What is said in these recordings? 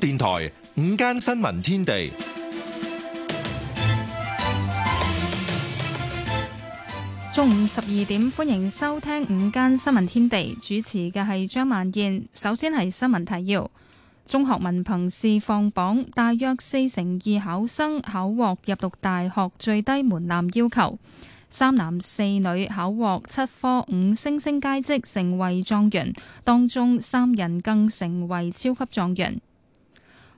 電台午間新聞天地，中午十二點，歡迎收聽午間新聞天地。主持嘅係張曼燕。首先係新聞提要：中學文憑試放榜，大約四成二考生考獲入讀大學最低門檻要求。三男四女考獲七科五星星階職，成為狀元，當中三人更成為超級狀元。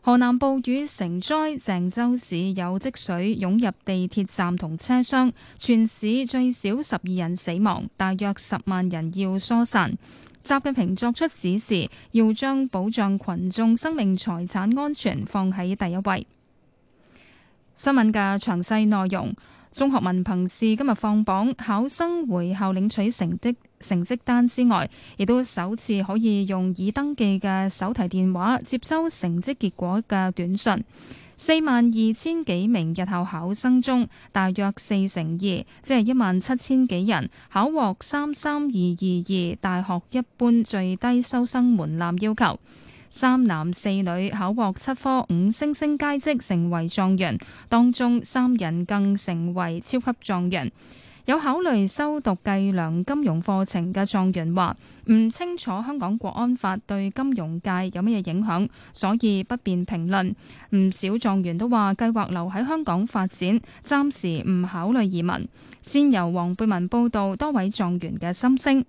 河南暴雨成災，鄭州市有積水湧入地鐵站同車廂，全市最少十二人死亡，大約十萬人要疏散。習近平作出指示，要將保障群眾生命財產安全放喺第一位。新聞嘅詳細內容。中學文憑試今日放榜，考生回校領取成績成績單之外，亦都首次可以用已登記嘅手提電話接收成績結果嘅短信。四萬二千幾名日後考生中，大約四成二，即係一萬七千幾人考獲三三二二二大學一般最低收生門檻要求。三男四女考獲七科五星星佳績，成為狀元，當中三人更成為超級狀元。有考慮修讀計量金融課程嘅狀元話，唔清楚香港國安法對金融界有乜嘢影響，所以不便評論。唔少狀元都話計劃留喺香港發展，暫時唔考慮移民。先由黃貝文報道多位狀元嘅心聲。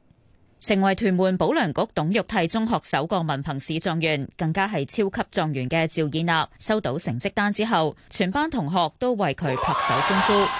成為屯門保良局董玉娣中學首個文憑試狀元，更加係超級狀元嘅趙以納，收到成績單之後，全班同學都為佢拍手歡呼。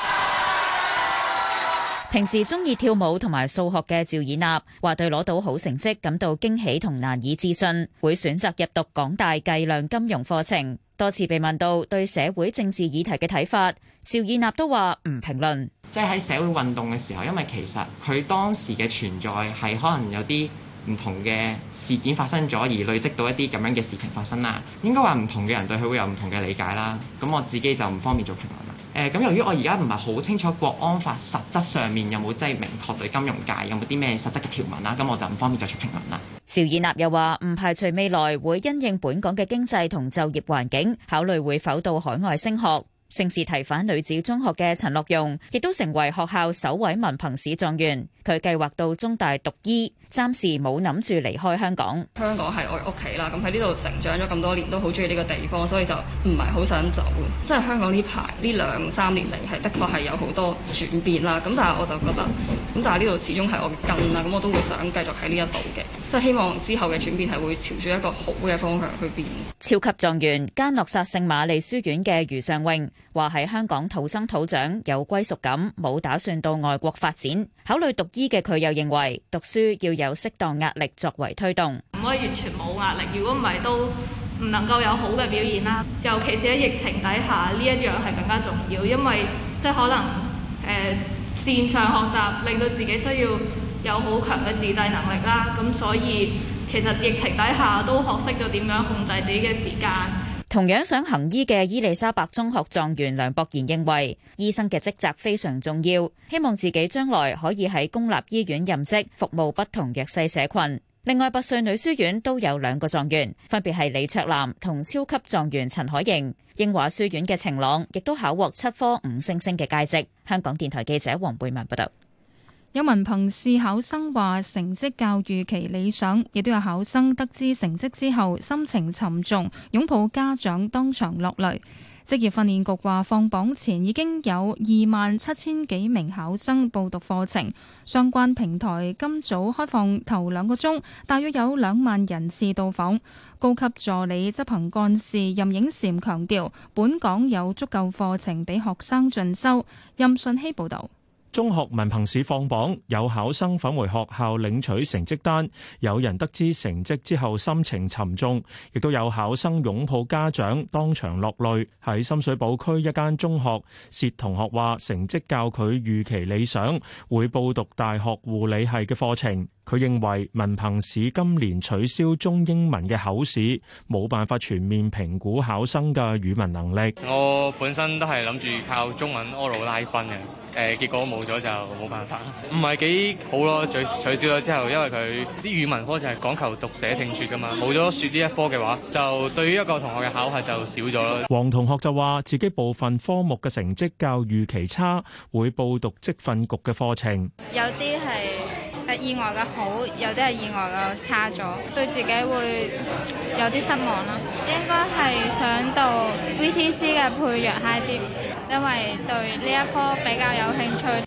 平時中意跳舞同埋數學嘅趙以納，話對攞到好成績感到驚喜同難以置信，會選擇入讀港大計量金融課程。多次被問到對社會政治議題嘅睇法，趙爾納都話唔評論。即係喺社會運動嘅時候，因為其實佢當時嘅存在係可能有啲唔同嘅事件發生咗，而累積到一啲咁樣嘅事情發生啦。應該話唔同嘅人對佢會有唔同嘅理解啦。咁我自己就唔方便做評論啦。誒咁，由於我而家唔係好清楚國安法實質上面有冇即係明確對金融界有冇啲咩實質嘅條文啦，咁我就唔方便作出評論啦。邵逸娜又話：唔排除未來會因應本港嘅經濟同就業環境，考慮會否到海外升學。聖士提反女子中學嘅陳樂用亦都成為學校首位文憑試狀元。佢計劃到中大讀醫，暫時冇諗住離開香港。香港係我屋企啦，咁喺呢度成長咗咁多年，都好中意呢個地方，所以就唔係好想走。即係香港呢排呢兩三年嚟，係的確係有好多轉變啦。咁但係我就覺得，咁但係呢度始終係我根啦，咁我都會想繼續喺呢一度嘅。即係希望之後嘅轉變係會朝住一個好嘅方向去變。超級狀元加諾撒聖瑪利書院嘅余尚穎。話喺香港土生土長，有歸屬感，冇打算到外國發展。考慮讀醫嘅佢又認為，讀書要有適當壓力作為推動。唔可以完全冇壓力，如果唔係都唔能夠有好嘅表現啦。尤其是喺疫情底下，呢一樣係更加重要，因為即係可能誒線上學習令到自己需要有好強嘅自制能力啦。咁、啊、所以其實疫情底下都學識咗點樣控制自己嘅時間。同樣想行醫嘅伊利沙伯中學狀元梁博賢認為，醫生嘅職責非常重要，希望自己將來可以喺公立醫院任職，服務不同弱勢社群。另外，拔萃女書院都有兩個狀元，分別係李卓南同超級狀元陳海瑩。英華書院嘅晴朗亦都考獲七科五星星嘅佳績。香港電台記者黃貝文報道。有文憑試考生話成績較預期理想，亦都有考生得知成績之後心情沉重，擁抱家長當場落淚。職業訓練局話放榜前已經有二萬七千幾名考生報讀課程，相關平台今早開放頭兩個鐘，大約有兩萬人次到訪。高級助理執行幹事任影嬋強調，本港有足夠課程俾學生進修。任信希報道。中學文憑試放榜，有考生返回學校領取成績單，有人得知成績之後心情沉重，亦都有考生擁抱家長當場落淚。喺深水埗區一間中學，薛同學話成績較佢預期理想，會報讀大學護理系嘅課程。佢認為文憑試今年取消中英文嘅口試，冇辦法全面評估考生嘅語文能力。我本身都係諗住靠中文 oral 拉分嘅，誒、呃、結果冇咗就冇辦法，唔係幾好咯。取取消咗之後，因為佢啲語文科就係講求讀寫聽説噶嘛，冇咗説呢一科嘅話，就對於一個同學嘅考核就少咗咯。黃同學就話自己部分科目嘅成績較預期差，會報讀職訓局嘅課程。有啲係。係意外嘅好，有啲係意外嘅差咗，對自己會有啲失望咯，應該係想到 VTC 嘅配藥 High Dip，因為對呢一科比較有興趣。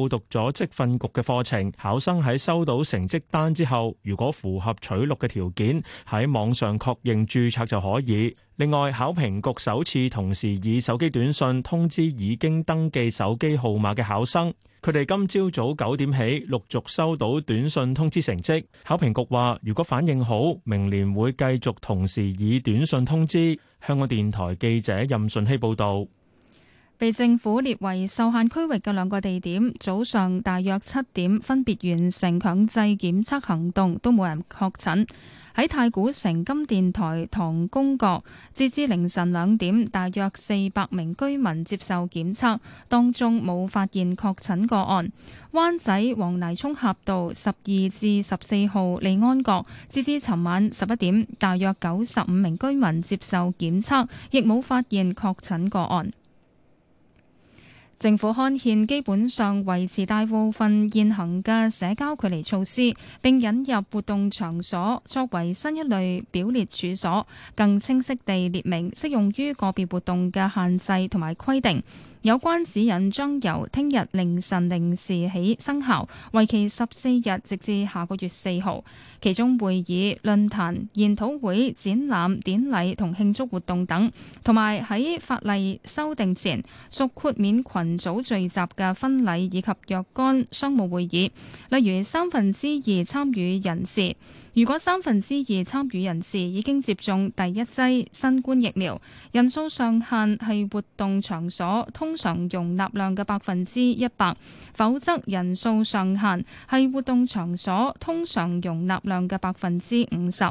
報讀咗職訓局嘅課程，考生喺收到成績單之後，如果符合取錄嘅條件，喺網上確認註冊就可以。另外，考評局首次同時以手機短信通知已經登記手機號碼嘅考生，佢哋今朝早九點起陸續收到短信通知成績。考評局話，如果反應好，明年會繼續同時以短信通知。香港電台記者任順希報道。被政府列為受限區域嘅兩個地點，早上大約七點分別完成強制檢測行動，都冇人確診。喺太古城金殿台唐宮閣，截至凌晨兩點，大約四百名居民接受檢測，當中冇發現確診個案。灣仔黃泥涌峽道十二至十四號利安閣，截至尋晚十一點，大約九十五名居民接受檢測，亦冇發現確診個案。政府刊憲，基本上維持大部分現行嘅社交距離措施，並引入活動場所作為新一類表列處所，更清晰地列明適用於個別活動嘅限制同埋規定。有關指引將由聽日凌晨零時起生效，為期十四日，直至下個月四號。其中會議、論壇、研討會、展覽、典禮同慶祝活動等，同埋喺法例修訂前，屬豁免群組聚集嘅婚禮以及若干商務會議，例如三分之二參與人士。如果三分之二參與人士已經接種第一劑新冠疫苗，人數上限係活動場所通常容納量嘅百分之一百；否則，人數上限係活動場所通常容納量嘅百分之五十。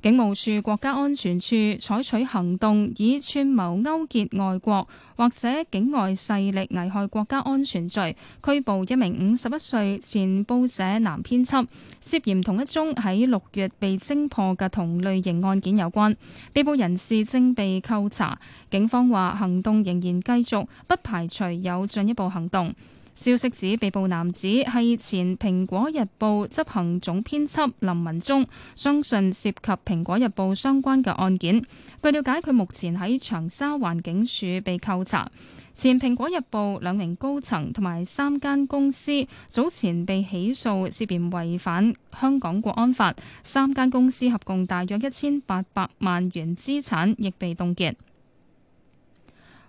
警務處國家安全處採取行動，以串謀勾結外國或者境外勢力危害國家安全罪，拘捕一名五十一歲前報社男編輯，涉嫌同一宗喺六月被偵破嘅同類型案件有關。被捕人士正被扣查，警方話行動仍然繼續，不排除有進一步行動。消息指被捕男子係前《蘋果日報》執行總編輯林文忠，相信涉及《蘋果日報》相關嘅案件。據了解，佢目前喺長沙灣警署被扣查。前《蘋果日報》兩名高層同埋三間公司早前被起訴，涉嫌違反香港國安法。三間公司合共大約一千八百萬元資產亦被凍結。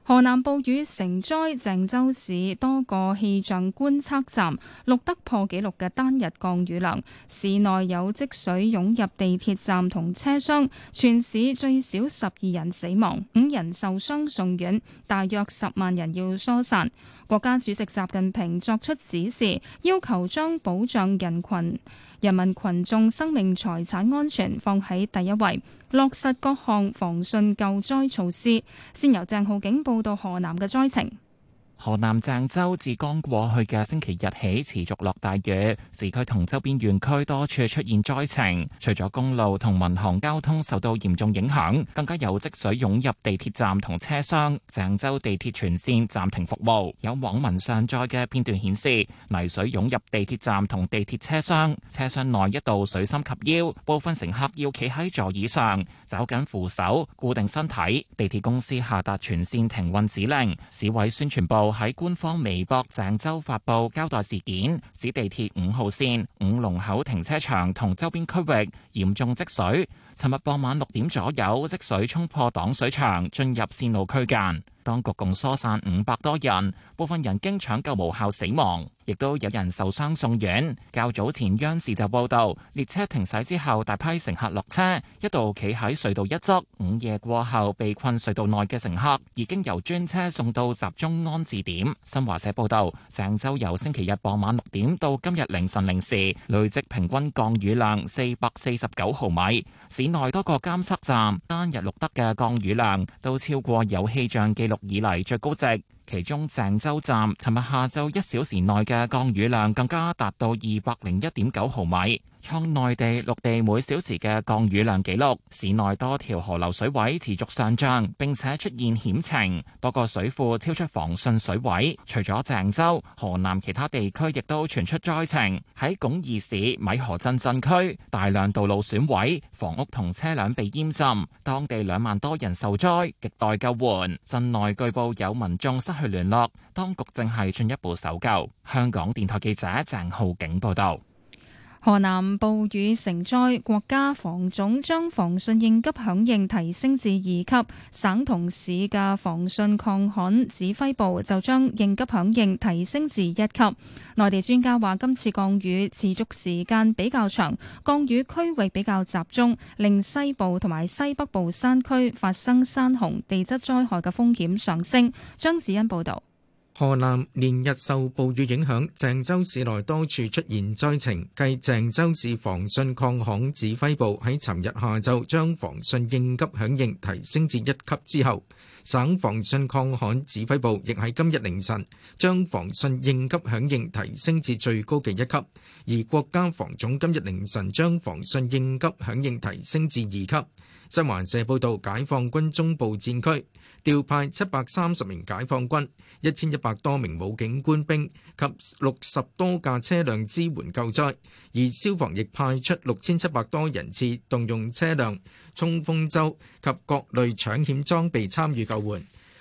河南暴雨成災，鄭州市多個氣象觀測站錄得破紀錄嘅單日降雨量，市內有積水湧入地鐵站同車廂，全市最少十二人死亡，五人受傷送院，大約十萬人要疏散。國家主席習近平作出指示，要求將保障人群人民群眾生命財產安全放喺第一位。落實各項防汛救災措施，先由鄭浩景報道河南嘅災情。河南鄭州自剛過去嘅星期日起持續落大雨，市區同周邊園區多處出現災情，除咗公路同民航交通受到嚴重影響，更加有積水湧入地鐵站同車廂。鄭州地鐵全線暫停服務。有網民上載嘅片段顯示，泥水湧入地鐵站同地鐵車廂，車廂內一度水深及腰，部分乘客要企喺座椅上，抓緊扶手固定身體。地鐵公司下達全線停運指令。市委宣傳部。喺官方微博鄭州發布交代事件，指地鐵五號線五龍口停車場同周邊區域嚴重積水。尋日傍晚六點左右，積水衝破擋水牆，進入線路區間。當局共疏散五百多人，部分人經搶救無效死亡，亦都有人受傷送院。較早前央視就報道，列車停駛之後，大批乘客落車，一度企喺隧道一側。午夜過後，被困隧道內嘅乘客已經由專車送到集中安置點。新華社報道，鄭州由星期日傍晚六點到今日凌晨零時，累積平均降雨量四百四十九毫米。市內多個監測站單日錄得嘅降雨量都超過有氣象記錄以嚟最高值，其中鄭州站尋日下晝一小時內嘅降雨量更加達到二百零一點九毫米。創內地陸地每小時嘅降雨量紀錄，市內多條河流水位持續上漲，並且出現險情，多個水庫超出防汛水位。除咗鄭州，河南其他地區亦都傳出災情。喺鞏義市米河鎮鎮區，大量道路損毀，房屋同車輛被淹浸，當地兩萬多人受災，亟待救援。鎮內據報有民眾失去聯絡，當局正係進一步搜救。香港電台記者鄭浩景報道。河南暴雨成災，國家防總將防汛應急響應提升至二級，省同市嘅防汛抗旱指揮部就將應急響應提升至一級。內地專家話，今次降雨持續時間比較長，降雨區域比較集中，令西部同埋西北部山區發生山洪、地質災害嘅風險上升。張子欣報導。河南連日受暴雨影響，鄭州市內多處出現災情。繼鄭州市防汛抗旱指揮部喺尋日下晝將防汛應急響應提升至一級之後，省防汛抗旱指揮部亦喺今日凌晨將防汛應急響應提升至最高嘅一級，而國家防總今日凌晨將防汛應急響應提升至二級。新華社報道，解放軍中部戰區，調派七百三十名解放軍、一千一百多名武警官兵及六十多架車輛支援救災，而消防亦派出六千七百多人次，動用車輛、衝鋒舟及各類搶險裝備參與救援。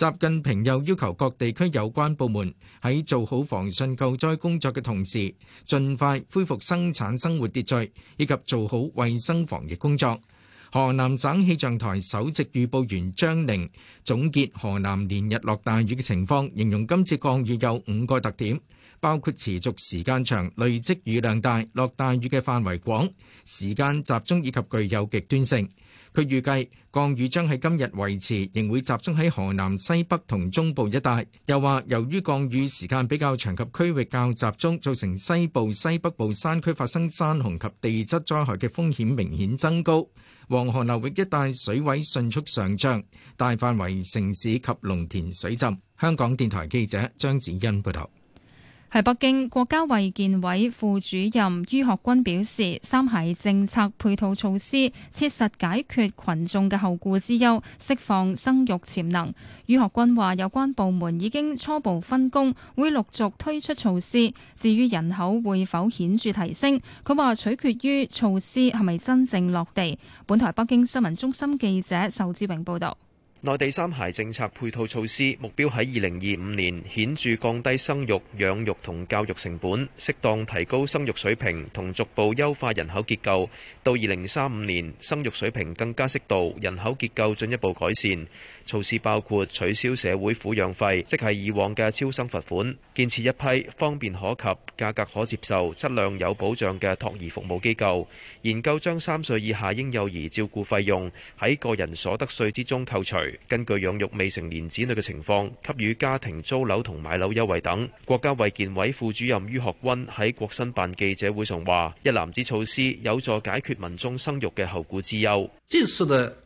習近平又要求各地區有關部門喺做好防汛救災工作嘅同時，盡快恢復生產生活秩序，以及做好衛生防疫工作。河南省氣象台首席預報員張寧總結河南連日落大雨嘅情況，形容今次降雨有五個特點，包括持續時間長、累積雨量大、落大雨嘅範圍廣、時間集中以及具有極端性。佢預計降雨將喺今日維持，仍會集中喺河南西北同中部一帶。又話由於降雨時間比較長及區域較集中，造成西部、西北部山區發生山洪及地質災害嘅風險明顯增高。黃河流域一帶水位迅速上漲，大範圍城市及農田水浸。香港電台記者張子欣報道。喺北京國家衛健委副主任于學軍表示，三孩政策配套措施，切實解決群眾嘅後顧之憂，釋放生育潛能。于學軍話，有關部門已經初步分工，會陸續推出措施。至於人口會否顯著提升，佢話取決於措施係咪真正落地。本台北京新聞中心記者仇志榮報道。內地三孩政策配套措施目標喺二零二五年顯著降低生育、養育同教育成本，適當提高生育水平，同逐步優化人口結構。到二零三五年，生育水平更加適度，人口結構進一步改善。措施包括取消社會撫養費，即係以往嘅超生罰款；建設一批方便可及、價格可接受、質量有保障嘅托兒服務機構，研究將三歲以下嬰幼兒照顧費用喺個人所得稅之中扣除；根據養育未成年子女嘅情況給予家庭租樓同買樓優惠等。國家衛健委副主任于學軍喺國新辦記者會上話，一攬子措施有助解決民眾生育嘅後顧之憂，這次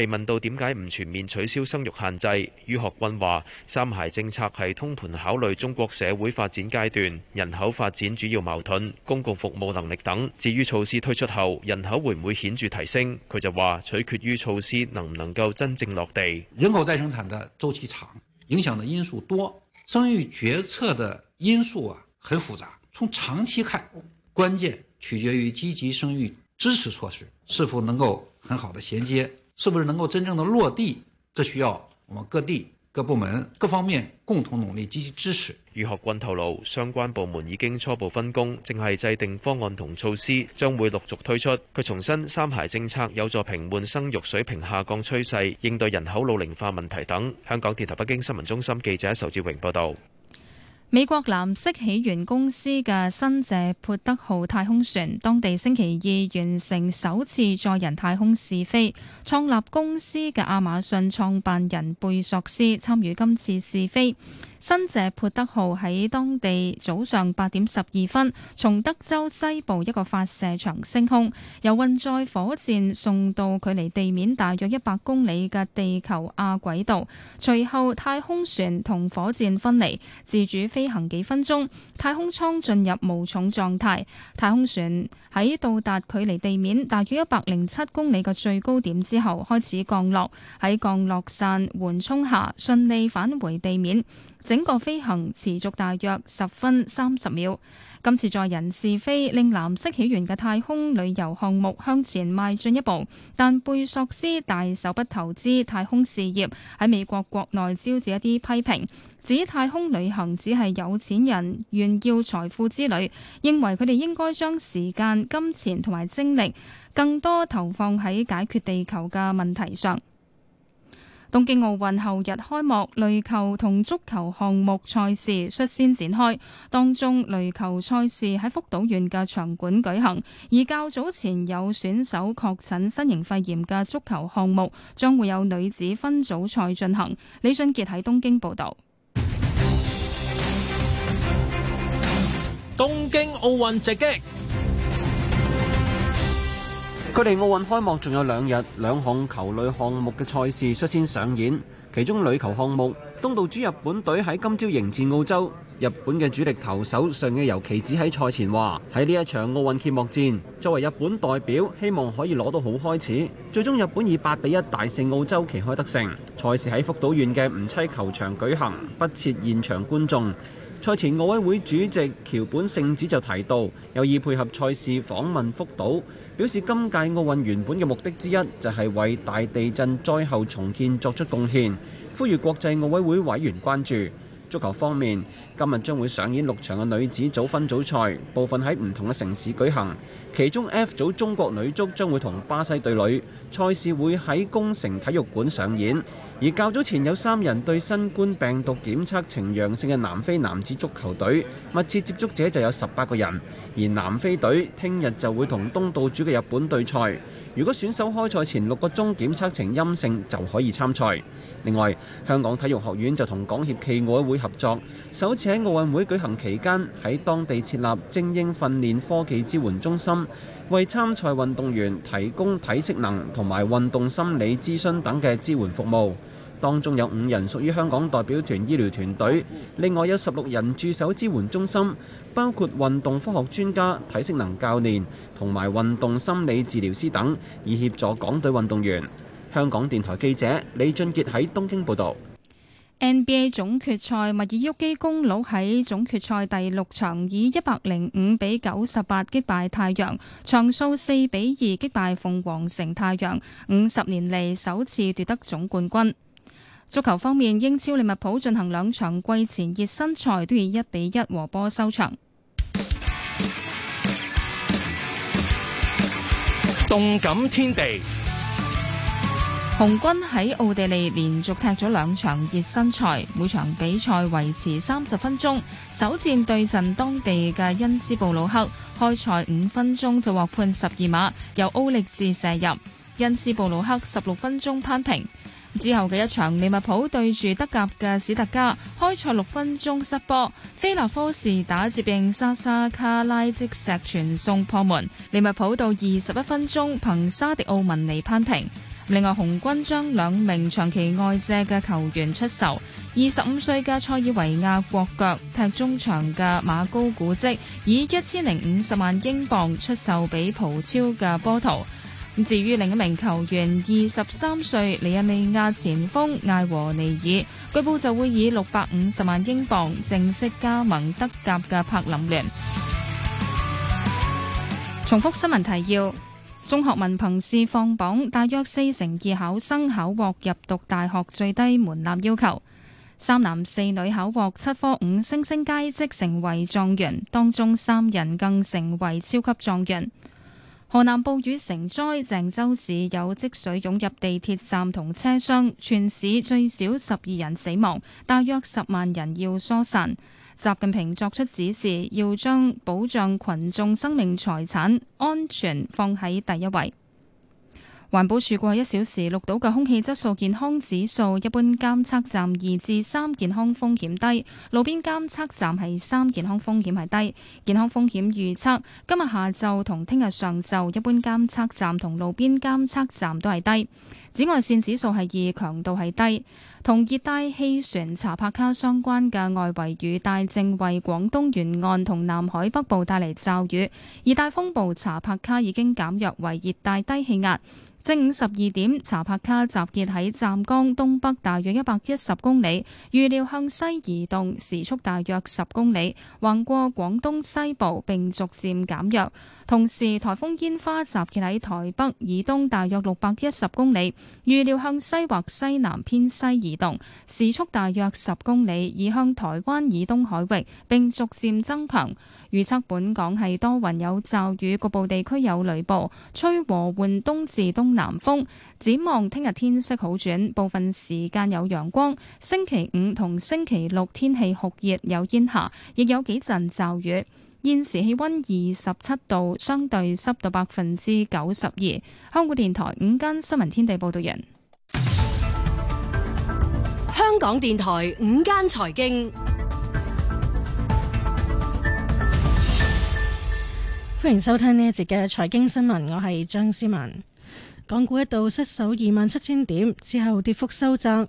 被問到點解唔全面取消生育限制，于學軍話三孩政策係通盤考慮中國社會發展階段、人口發展主要矛盾、公共服務能力等。至於措施推出後人口會唔會顯著提升，佢就話取決於措施能唔能夠真正落地。人口再生產的周期長，影響的因素多，生育決策的因素啊很複雜。從長期看，關鍵取決於積極生育支持措施是否能夠很好的銜接。是不是能夠真正的落地？這需要我們各地各部門各方面共同努力，積極支持。于學軍透露，相關部門已經初步分工，正係制定方案同措施，將會陸續推出。佢重申，三孩政策有助平緩生育水平下降趨勢，應對人口老齡化問題等。香港電台北京新聞中心記者仇志榮報道。美國藍色起源公司嘅新謝潑德號太空船，當地星期二完成首次載人太空試飛。創立公司嘅亞馬遜創辦人貝索斯，參與今次試飛。新謝潑德號喺當地早上八點十二分，從德州西部一個發射場升空，由運載火箭送到距離地面大約一百公里嘅地球亞軌道。隨後，太空船同火箭分離，自主飛行幾分鐘。太空艙進入無重狀態。太空船喺到達距離地面大約一百零七公里嘅最高點之後，開始降落。喺降落傘緩衝下，順利返回地面。整個飛行持續大約十分三十秒。今次載人試飛令藍色起源嘅太空旅遊項目向前邁進一步，但貝索斯大手筆投資太空事業喺美國國內招致一啲批評，指太空旅行只係有錢人炫耀財富之旅，認為佢哋應該將時間、金錢同埋精力更多投放喺解決地球嘅問題上。東京奧運後日開幕，壘球同足球項目賽事率先展開。當中壘球賽事喺福島縣嘅場館舉行，而較早前有選手確診新型肺炎嘅足球項目，將會有女子分組賽進行。李俊杰喺東京報道。東京奧運直擊。距離奧運開幕仲有兩日，兩項球類項目嘅賽事率先上演。其中壘球項目，東道主日本隊喺今朝迎戰澳洲。日本嘅主力投手上野由岐子喺賽前話：喺呢一場奧運揭幕戰，作為日本代表，希望可以攞到好開始。最終日本以八比一大勝澳洲，旗開得勝。賽事喺福島縣嘅吾妻球場舉行，不設現場觀眾。賽前奧委會主席橋本聖子就提到，有意配合賽事訪問福島，表示今屆奧運原本嘅目的之一就係為大地震災後重建作出貢獻，呼籲國際奧委會委員關注。足球方面，今日將會上演六場嘅女子組分組賽，部分喺唔同嘅城市舉行，其中 F 組中國女足將會同巴西對壘，賽事會喺宮城體育館上演。而較早前有三人對新冠病毒檢測呈陽性嘅南非男子足球隊密切接觸者就有十八個人，而南非隊聽日就會同東道主嘅日本對賽。如果選手開賽前六個鐘檢測呈陰性，就可以參賽。另外，香港體育學院就同港協暨奧委會合作，首次喺奧運會舉行期間喺當地設立精英訓練科技支援中心，為參賽運動員提供體適能同埋運動心理諮詢等嘅支援服務。當中有五人屬於香港代表團醫療團隊，另外有十六人駐守支援中心，包括運動科學專家、體適能教練同埋運動心理治療師等，以協助港隊運動員。香港電台記者李俊杰喺東京報道。NBA 總決賽，密爾沃基公鹿喺總決賽第六場以一百零五比九十八擊敗太陽，場數四比二擊敗鳳凰城太陽，五十年嚟，首次奪得總冠軍。足球方面，英超利物浦進行兩場季前熱身賽，都以一比一和波收場。動感天地。紅軍喺奧地利連續踢咗兩場熱身賽，每場比賽維持三十分鐘。首戰對陣當地嘅恩斯布魯克，開賽五分鐘就獲判十二碼，由歐力治射入。恩斯布魯克十六分鐘攀平。之後嘅一場利物浦對住德甲嘅史特加，開賽六分鐘失波，菲勒科士打接應莎莎卡拉即石傳送破門，利物浦到二十一分鐘憑沙迪奧文尼攀平。另外，紅軍將兩名長期外借嘅球員出售。二十五歲嘅塞爾維亞國腳踢中場嘅馬高古積，以一千零五十萬英鎊出售俾葡超嘅波圖。至於另一名球員，二十三歲尼日利亞前鋒艾和尼爾，據報就會以六百五十萬英鎊正式加盟德甲嘅柏林聯。重複新聞提要。中學文憑試放榜，大約四成二考生考獲入讀大學最低門檻要求。三男四女考獲七科五星星佳績，成為狀元，當中三人更成為超級狀元。河南暴雨成災，鄭州市有積水湧入地鐵站同車廂，全市最少十二人死亡，大約十萬人要疏散。習近平作出指示，要將保障群眾生命財產安全放喺第一位。環保署過去一小時錄到嘅空氣質素健康指數，一般監測站二至三，健康風險低；路邊監測站係三，健康風險係低。健康風險預測今日下晝同聽日上晝，一般監測站同路邊監測站都係低。紫外線指數係二，強度係低。同熱帶氣旋查帕卡相關嘅外圍雨帶正為廣東沿岸同南海北部帶嚟驟雨，熱帶風暴查帕卡已經減弱為熱帶低氣壓。正午十二點，查帕卡集結喺湛江東北大約一百一十公里，預料向西移動，時速大約十公里，橫過廣東西部並逐漸減弱。同時，颱風煙花集結喺台北以東大約六百一十公里，預料向西或西南偏西移動，時速大約十公里，移向台灣以東海域並逐漸增強。預測本港係多雲有驟雨，局部地區有雷暴，吹和緩東至東南風。展望聽日天，天色好轉，部分時間有陽光。星期五同星期六天氣酷熱有煙霞，亦有幾陣驟雨。現時氣溫二十七度，相對濕度百分之九十二。香港電台午間新聞天地報道人，香港電台午間財經，歡迎收聽呢一節嘅財經新聞，我係張思文。港股一度失守二萬七千點，之後跌幅收窄。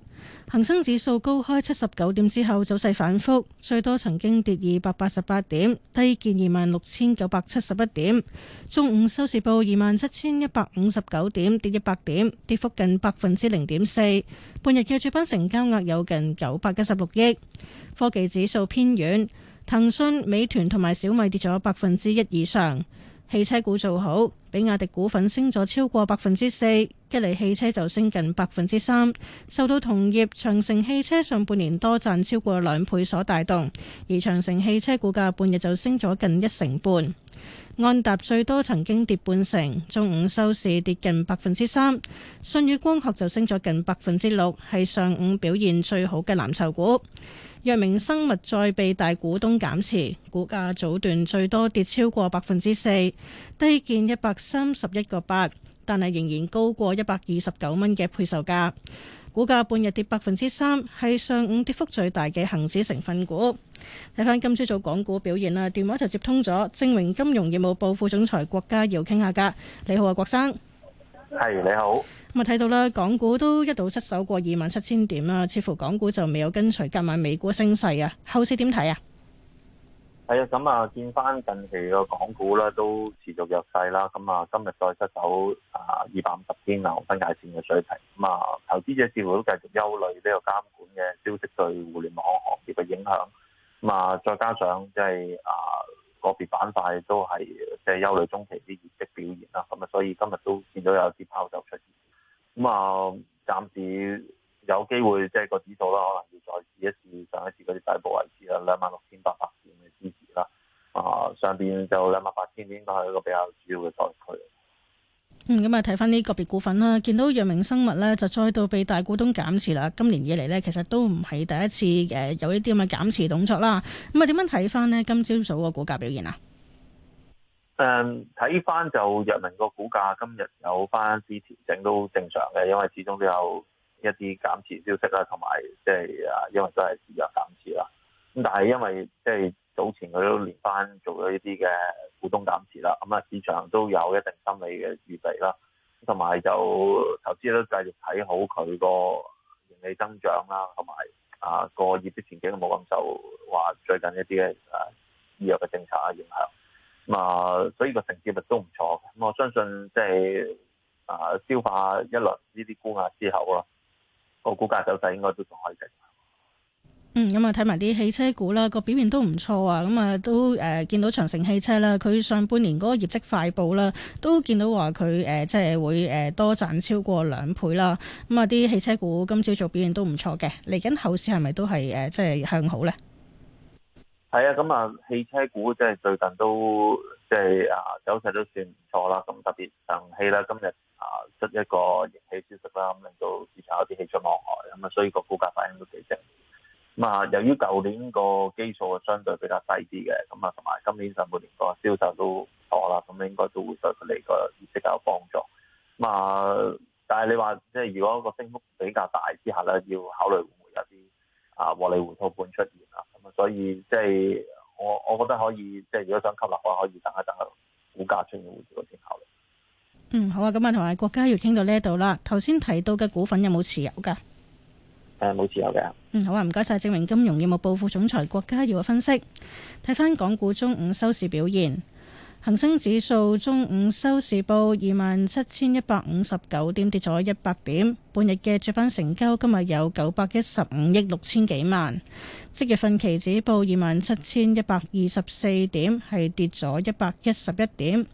恒生指數高開七十九點，之後走勢反覆，最多曾經跌二百八十八點，低見二萬六千九百七十一點，中午收市報二萬七千一百五十九點，跌一百點，跌幅近百分之零點四。半日嘅主板成交額有近九百一十六億，科技指數偏軟，騰訊、美團同埋小米跌咗百分之一以上。汽車股做好，比亞迪股份升咗超過百分之四，吉利汽車就升近百分之三，受到同業長城汽車上半年多賺超過兩倍所帶動，而長城汽車股價半日就升咗近一成半。安踏最多曾經跌半成，中午收市跌近百分之三。信宇光學就升咗近百分之六，係上午表現最好嘅藍籌股。藥明生物再被大股東減持，股價早段最多跌超過百分之四，低見一百三十一個八，但係仍然高過一百二十九蚊嘅配售價。股價半日跌百分之三，係上午跌幅最大嘅恒指成分股。睇翻今朝早港股表現啦，電話就接通咗，正榮金融業務部副總裁郭家耀傾下噶。你好啊，郭生。係，你好。咁啊，睇到啦，港股都一度失守過二萬七千點啦，似乎港股就未有跟隨夾埋美股升勢啊。後市點睇啊？係啊，咁啊，見翻近期個港股咧都持續弱勢啦。咁啊，今日再失守啊二百五十天啊，牛熊分界線嘅水平。咁啊，投資者似乎都繼續憂慮呢個監管嘅消息對互聯網行業嘅影響。咁啊，再加上即係啊個別板塊都係即係憂慮中期啲業績表現啦。咁啊，所以今日都見到有啲拋售出現。咁啊，暫時有機會即係個指數啦，可能要再試一試上一次嗰啲底部位置啦，兩萬六千八百點嘅支持啦。啊，上邊就兩萬八千點應該係一個比較主要嘅區。嗯，咁啊，睇翻呢個別股份啦，見到藥明生物咧就再度被大股東減持啦。今年以嚟咧其實都唔係第一次誒有呢啲咁嘅減持動作啦。咁啊，點樣睇翻呢？今朝早個股價表現啊？誒睇翻就藥明個股價今日有翻之前調整都正常嘅，因為始終都有一啲減持消息啦，同埋即係啊，因為都係醫藥減持啦。咁但係因為即係早前佢都連翻做咗一啲嘅股東減持啦，咁、嗯、啊，市場都有一定心理嘅預備啦，同埋就投資都繼續睇好佢個盈利增長啦，同埋啊個業績前景都冇咁受話最近一啲誒、啊、醫藥嘅政策嘅影響。咁啊，所以個承接力都唔錯嘅。咁我相信即係啊，消化一輪呢啲沽壓之後啊，個股價走勢應該都仲可以嘅。嗯，咁、嗯、啊，睇埋啲汽車股啦，個表現都唔錯啊。咁、嗯、啊，都誒、呃、見到長城汽車啦，佢上半年嗰個業績快報啦，都見到話佢誒即係會誒多賺超過兩倍啦。咁、嗯、啊，啲汽車股今朝早表現都唔錯嘅。嚟緊後市係咪都係誒、呃、即係向好咧？係啊，咁啊，汽車股即係最近都即係、就是、啊，走勢都算唔錯啦。咁特別上汽啦，今日啊出一個盈喜消息啦，咁令到市場有啲喜出望外，咁、嗯、啊，所以個股價反應都幾正。咁啊，由於舊年個基礎相對比較細啲嘅，咁、嗯、啊，同埋今年上半年個銷售都唔錯啦，咁、嗯、應該都會對佢哋個業績有幫助。咁啊，但係你話即係如果個升幅比較大之下咧，要考慮會唔會有啲？啊，獲利回吐盤出現啦，咁啊，所以即係我，我覺得可以，即係如果想吸納嘅話，可以等一等，股價出現回吐先考慮。嗯，好啊，咁啊，同埋郭家耀傾到呢一度啦。頭先提到嘅股份有冇持有噶？誒、嗯，冇持有嘅。嗯，好啊，唔該晒，正明金融業務部副總裁郭家耀嘅分析。睇翻港股中午收市表現。恒生指數中午收市報二萬七千一百五十九點，跌咗一百點。半日嘅主板成交今日有九百一十五億六千幾萬。即月份期指報二萬七千一百二十四點，係跌咗一百一十一點，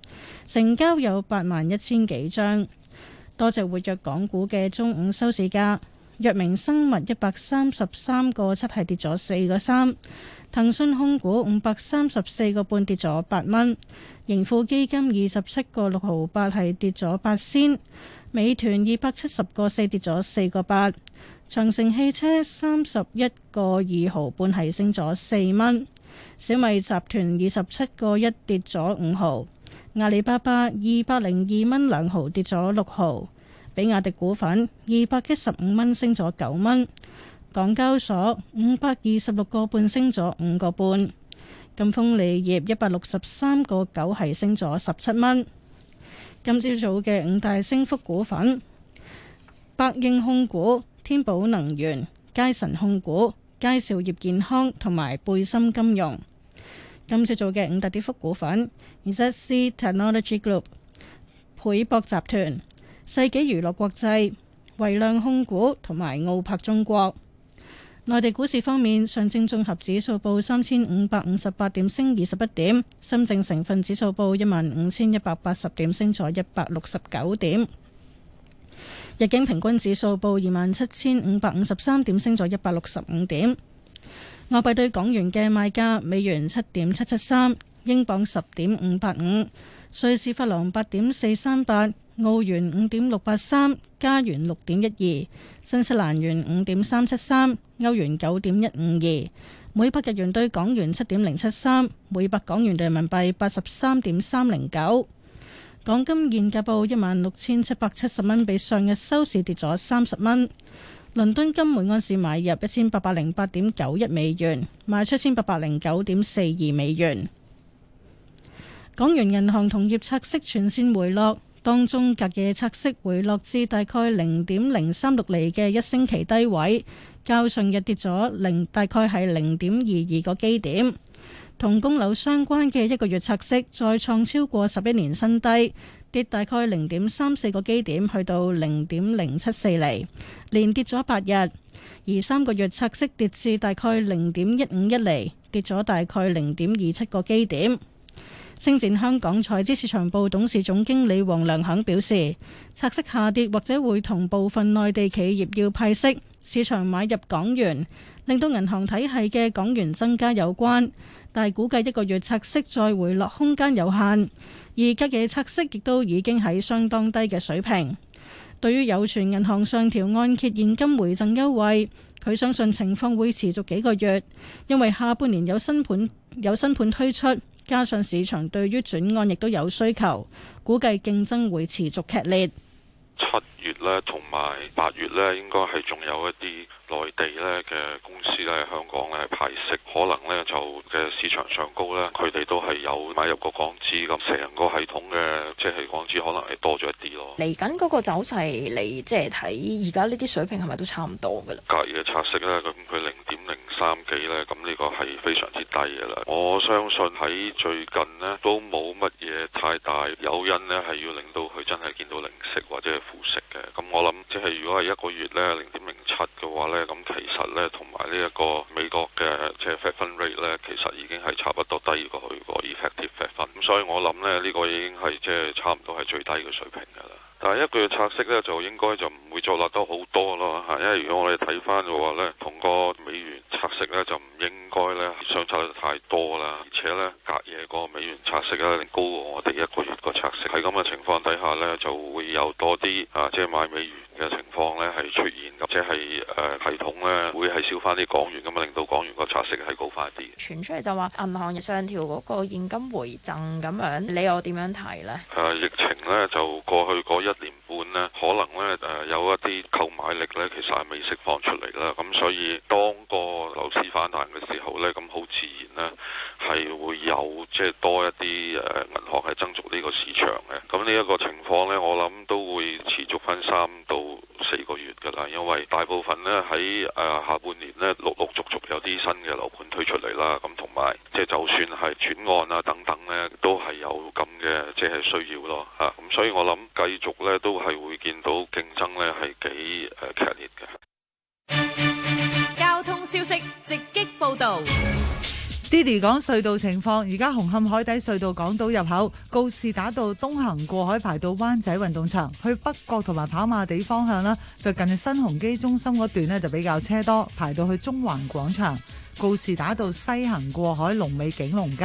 成交有八萬一千幾張。多謝活躍港股嘅中午收市價。藥明生物一百三十三個七係跌咗四個三，騰訊控股五百三十四個半跌咗八蚊，盈富基金二十七個六毫八係跌咗八仙，美團二百七十個四跌咗四個八，長城汽車三十一個二毫半係升咗四蚊，小米集團二十七個一跌咗五毫，阿里巴巴二百零二蚊兩毫跌咗六毫。比亞迪股份二百一十五蚊升咗九蚊，港交所五百二十六個半升咗五個半，贛鋒鋰業一百六十三個九係升咗十七蚊。今朝早嘅五大升幅股份：百應控股、天寶能源、佳臣控股、佳兆業健康同埋貝森金融。今朝早嘅五大跌幅股份 e z c Technology Group、倍博集團。世紀娛樂國際、維量控股同埋澳柏中國。內地股市方面，上證綜合指數報三千五百五十八點，升二十一點，深證成分指數報一萬五千一百八十點，升咗一百六十九點，日經平均指數報二萬七千五百五十三點，升咗一百六十五點。外幣對港元嘅賣價：美元七點七七三，英鎊十點五八五，瑞士法郎八點四三八。澳元五點六八三，加元六點一二，新西蘭元五點三七三，歐元九點一五二，每百日元兌港元七點零七三，每百港元人民幣八十三點三零九。港金現價報一萬六千七百七十蚊，比上日收市跌咗三十蚊。倫敦金每盎司買入一千八百零八點九一美元，賣出一千八百零九點四二美元。港元銀行同業拆息，息全線回落。當中隔夜拆息回落至大概零點零三六厘嘅一星期低位，較上日跌咗零，大概係零點二二個基點。同供樓相關嘅一個月拆息再創超過十一年新低，跌大概零點三四個基點，去到零點零七四厘，連跌咗八日。而三個月拆息跌至大概零點一五一厘，跌咗大概零點二七個基點。星展香港財資市場部董事總經理黃良肯表示，拆息下跌或者會同部分內地企業要派息、市場買入港元，令到銀行體系嘅港元增加有關。但估計一個月拆息再回落空間有限，而隔夜拆息亦都已經喺相當低嘅水平。對於有傳銀行上調按揭現金回贈優惠，佢相信情況會持續幾個月，因為下半年有新盤有新盤推出。加上市場對於轉案亦都有需求，估計競爭會持續劇烈。月咧同埋八月咧，應該係仲有一啲內地咧嘅公司咧，香港咧派息可能咧就嘅市場上高咧，佢哋都係有買入個港資咁，成個系統嘅即係港資可能係多咗一啲咯。嚟緊嗰個走勢，你即係睇而家呢啲水平係咪都差唔多㗎啦？隔夜拆息咧，咁佢零點零三幾咧，咁呢個係非常之低嘅啦。我相信喺最近呢，都冇乜嘢太大誘因咧，係要令到佢真係見到零息或者係負息。咁我諗，即係如果係一個月咧零點零七嘅話咧，咁其實咧同埋呢一個美國嘅即係 Fed Fund Rate 咧，其實已經係差不多低過去個 Effective Fed Fund。咁所以我諗咧，呢、呢個已經係即係差唔多係最低嘅水平㗎啦。但係一個月拆息咧，就應該就唔會作落得好多咯嚇，因為如果我哋睇翻嘅話咧，同個美元拆息咧就唔應該咧相差得太多啦，而且咧隔夜個美元拆息咧仲高過我哋一個月個拆息，喺咁嘅情況底下咧，就會有多啲啊即係、就是、買美元嘅情況。出現，即係誒系統咧會係少翻啲港元噶嘛，令到港元個拆息係高翻啲。傳出嚟就話銀行上調嗰個現金回贈咁樣，你又點樣睇呢？誒、呃、疫情咧就過去嗰一年半咧，可能咧誒、呃、有一啲購買力咧其實係未釋放出嚟啦。咁所以當個樓市反彈嘅時候咧，咁好自然咧係會有即係多一啲誒、呃、銀行係增續呢個市場嘅。咁呢一個情況咧，我諗都會持續分三到。個月㗎啦，因為大部分咧喺誒下半年呢陸陸續續有啲新嘅樓盤推出嚟啦，咁同埋即係就算係轉案啊等等呢，都係有咁嘅即係需要咯嚇。咁、啊、所以我諗繼續呢，都係會見到競爭呢係幾誒劇烈嘅。交通消息直擊報導。Diddy 講隧道情況，而家紅磡海底隧道港島入口告士打道東行過海排到灣仔運動場，去北角同埋跑馬地方向啦。就近新鴻基中心嗰段呢，就比較車多，排到去中環廣場告士打道西行過海龍尾景隆街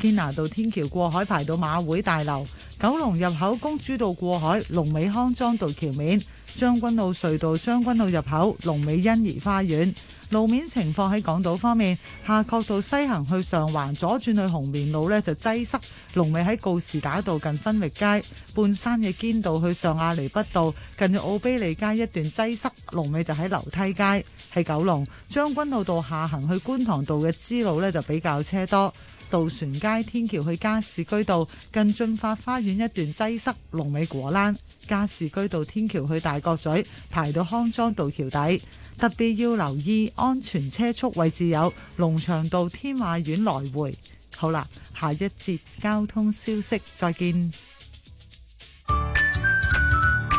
堅拿道天橋過海排到馬會大樓九龍入口公主道過海龍尾康莊道橋面。將軍澳隧道將軍澳入口龍尾欣宜花園，路面情況喺港島方面，下角道西行去上環左轉去紅棉路呢，就擠塞龍尾喺告士打道近分域街，半山嘅堅道去上亞厘畢道近住奧卑利街一段擠塞，龍尾就喺樓梯街。喺九龍將軍澳道下行去觀塘道嘅支路呢，就比較車多。渡船街天橋去加士居道近駿發花園一段擠塞，龍尾果欄；加士居道天橋去大角咀排到康莊道橋底，特別要留意安全車速位置有龍翔道天馬苑來回。好啦，下一節交通消息再見。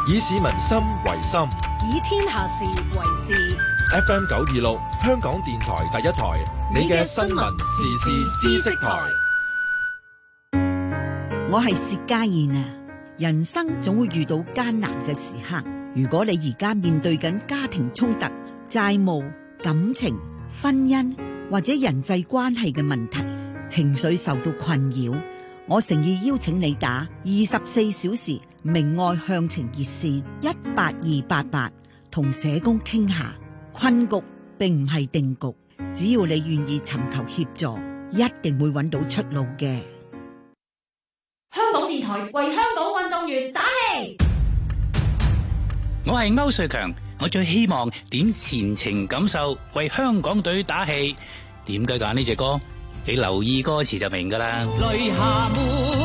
以市民心為心，以天下事為事。F.M. 九二六，香港電台第一台，你嘅新聞時事知識台。我係薛家燕啊。人生總會遇到艱難嘅時刻。如果你而家面對緊家庭衝突、債務、感情、婚姻或者人際關係嘅問題，情緒受到困擾，我誠意邀請你打二十四小時明愛向晴熱線一八二八八，同社工傾下。困局並唔係定局，只要你願意尋求協助，一定會揾到出路嘅。香港電台為香港運動員打氣。我係歐瑞強，我最希望點前程感受為香港隊打氣。點解揀呢隻歌？你留意歌詞就明㗎喇。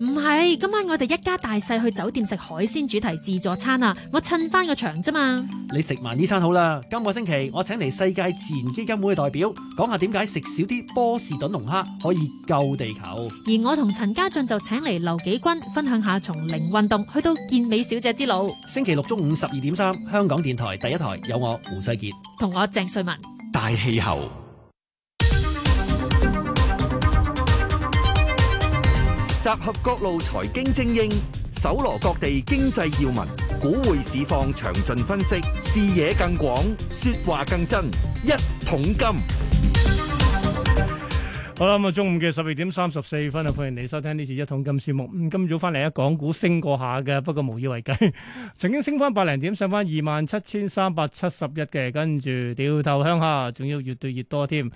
唔係，今晚我哋一家大細去酒店食海鮮主題自助餐啊！我襯翻個場啫嘛。你食埋呢餐好啦，今個星期我請嚟世界自然基金會嘅代表講下點解食少啲波士頓龍蝦可以救地球。而我同陳家俊就請嚟劉紀君分享下從零運動去到健美小姐之路。星期六中午十二點三，香港電台第一台有我胡世杰同我鄭瑞文大氣候。集合各路財經精英，搜羅各地經濟要聞，股匯市況詳盡分析，視野更廣，說話更真。一桶金，好啦，咁啊，中午嘅十二點三十四分啊，歡迎你收聽呢次一桶金節目。咁今早翻嚟，啊，港股升過下嘅，不過無以為繼，曾經升翻百零點，上翻二萬七千三百七十一嘅，跟住掉頭向下，仲要越跌越多添。